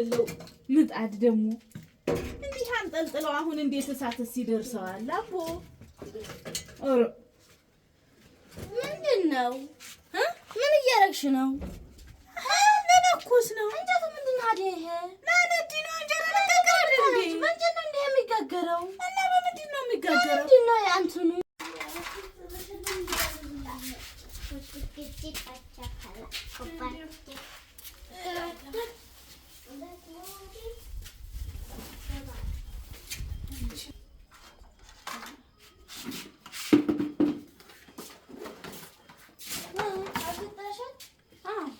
የሌለው ምጣድ ደግሞ እንዲህ አንጠልጥለው አሁን እንዴት እሳትስ ይደርሰዋል? አቦ ምንድን ነው? ምን እያረግሽ ነው? ለነኩስ ነው እንጀቱ። ምንድን ነው ይሄ ማነዲ ነው? እንጀራ ምንድን ነው እንዲህ የሚጋገረው? እና በምንድን ነው የሚጋገረው? ምንድን ነው የአንትኑ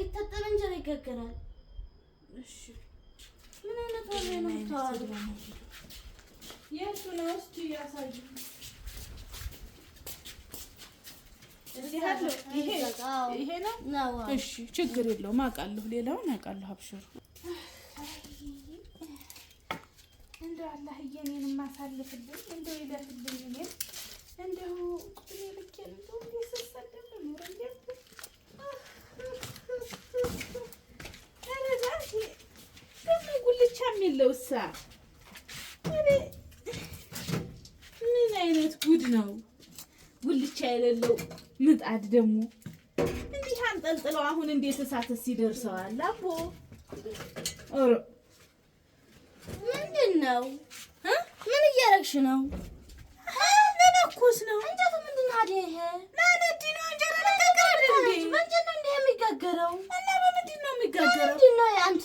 ይታጠብ እንጀራ ይጋገራል። እሺ ምን አይነት ወሬ ነው የሱ ነው እስቲ ያሳዩ። ይሄ ነው። እሺ ችግር የለውም አውቃለሁ። ሌላውን አውቃለሁ። አብሽሩ እንደው አላህ እየኔን እንደው ይለፍልኝ እኔን እንደው ቁጥሬ ልኬን እንደው ለውሳ ምን አይነት ጉድ ነው? ጉልቻ የሌለው ምጣድ ደግሞ እንዲህ አንጠልጥለው አሁን እንዴት እሳትስ ይደርሰዋል? አቦ ምንድን ነው? ምን እያረግሽ ነው? መነኮስ ነው እንጀቱ። ምንድን ነው አይደል? ይሄ ማነዲ ነው እንጀራ። በእንጀት ነው እንዲህ የሚጋገረው እና በምንድን ነው የሚጋገረው? ምንድን ነው የአንቱ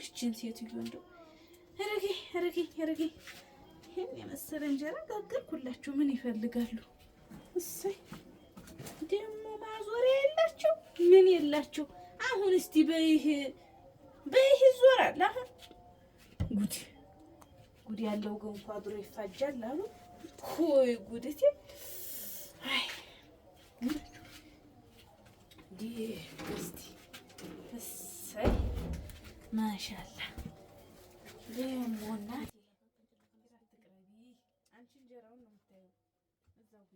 እችን ሴትዮ እንደው ረጌ ረጌ ረጌ ይህን የመሰለ እንጀራ ጋገርኩላችሁ። ምን ይፈልጋሉ? እሰይ ደግሞ ማዞሪያ የላቸው ምን የላቸው። አሁን እስቲ በይህ በይህ ይዞራል። አሁን ጉድ ጉድ ያለው ገንፎ አብሮ ይፋጃል አሉ። ሆይ ጉድ! አይ እስቲ ማሻላ ሞና አንቺ እንጀራውን ነው የምታየው። እዛው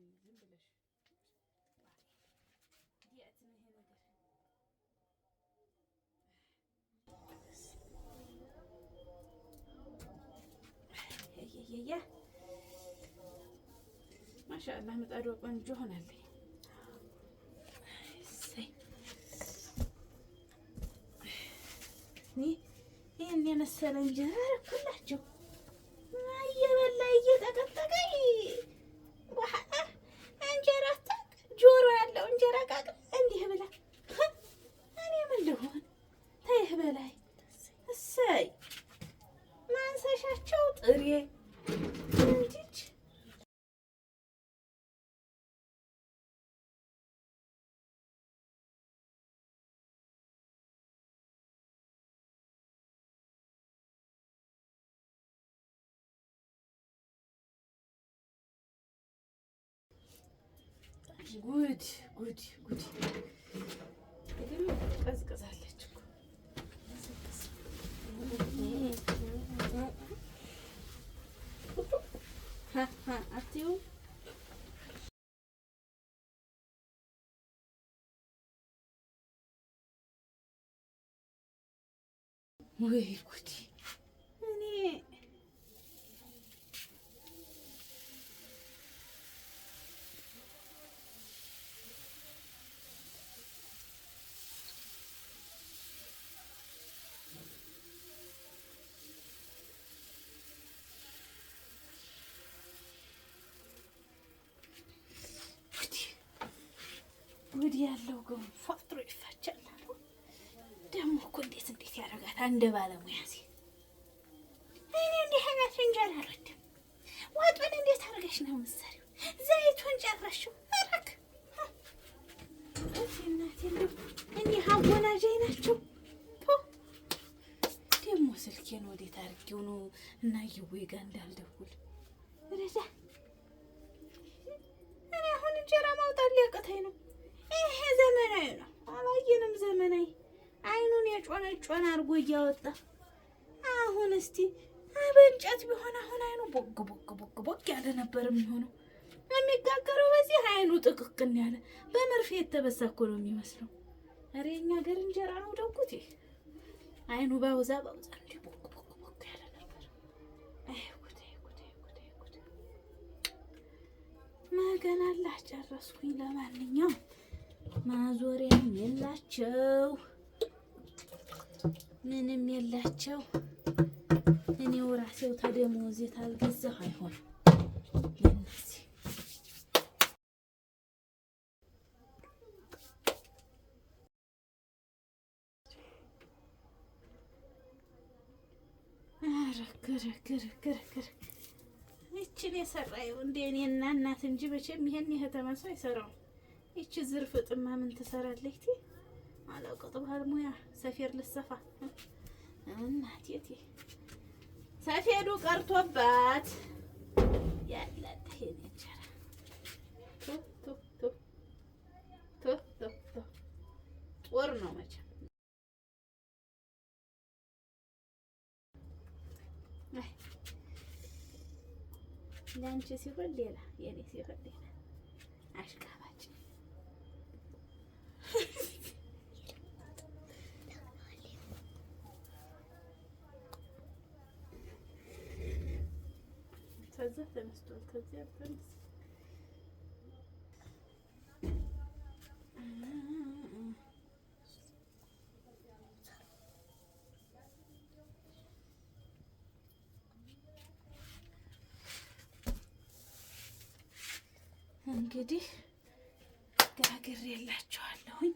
ማሻአላህ ምጣዷ ቆንጆ ሆናለች። የመሰለ እንጀራ አደረኩላቸው። እየበላ እየጠቀጠቀ በኋላ እንጀራ ታቅ ጆሮ ያለው እንጀራ ቃቅ እንዲህ ብላ እኔ ምን ልሆን ተይህ በላይ እሰይ ማንሰሻቸው ጥሬ ጉድ ጉድ ጉድ! ቀዝቅዛለች እኮ አትይው። ወይ ጉድ ወዲ ያለው ገንፎ ፋጥሮ ይፈጫል አሉ። ደግሞ እኮ እንዴት እንዴት ያደርጋት እንደ ባለሙያ ሴ እኔ እንዲህ አይነት እንጀራ አልወድም። ወጡን እንዴት አድርገሽ ነው የምትሰሪው? ዘይቱን ጨረሽው? አረክ እናቴ እኒህ አወናጃይ ናቸው። ደግሞ ስልኬን ወዴት አድርጌው ነው እና እየወይ ጋ እንዳልደውል ረዛ እኔ አሁን እንጀራ ማውጣት ሊያቅተኝ ነው። ይሄ ዘመናዊ ነው። አባየንም ዘመናዊ አይኑን የጮነ ጮነ አድርጎ እያወጣ አሁን እስቲ በእንጨት ቢሆን አሁን አይኑ ቦግ ቦግ ቦግ ቦግ ያለ ነበር የሚሆነው የሚጋገረው በዚህ አይኑ ጥቅቅን ያለ በመርፌ የተበሳ እኮ ነው የሚመስለው። ኧረ የእኛ ሀገር እንጀራ ነው ደጉት። አይኑ ባውዛ ባውዛ እንዲህ ቦግ ቦግ ቦግ ያለ ነበር። መገና ላጨረስኩኝ። ለማንኛውም ማዞሪያም የላቸው ምንም የላቸው። እኔው ራሴው ተደሞዝ ታልገዛሁ አይሆን ይችን የሰራየው እንደ እኔና እናት እንጂ መቼም ይሄን የከተማ ሰው አይሰራውም። ይቺ ዝርፍ ጥማ ምን ትሰራለች? አላውቀጥ ባህል ሙያ ሰፌር ልሰፋ እናቴቴ ሰፌዱ ቀርቶባት ያላት ይሄን ጦር ነው መቼም ለአንቺ ሲሆን ሌላ የኔ ሲሆን ሌላ አሽቃ ከዛ ተነስቷል። ከዚያ ፍሬንድስ እንግዲህ ጋግሬ የላችኋለሁኝ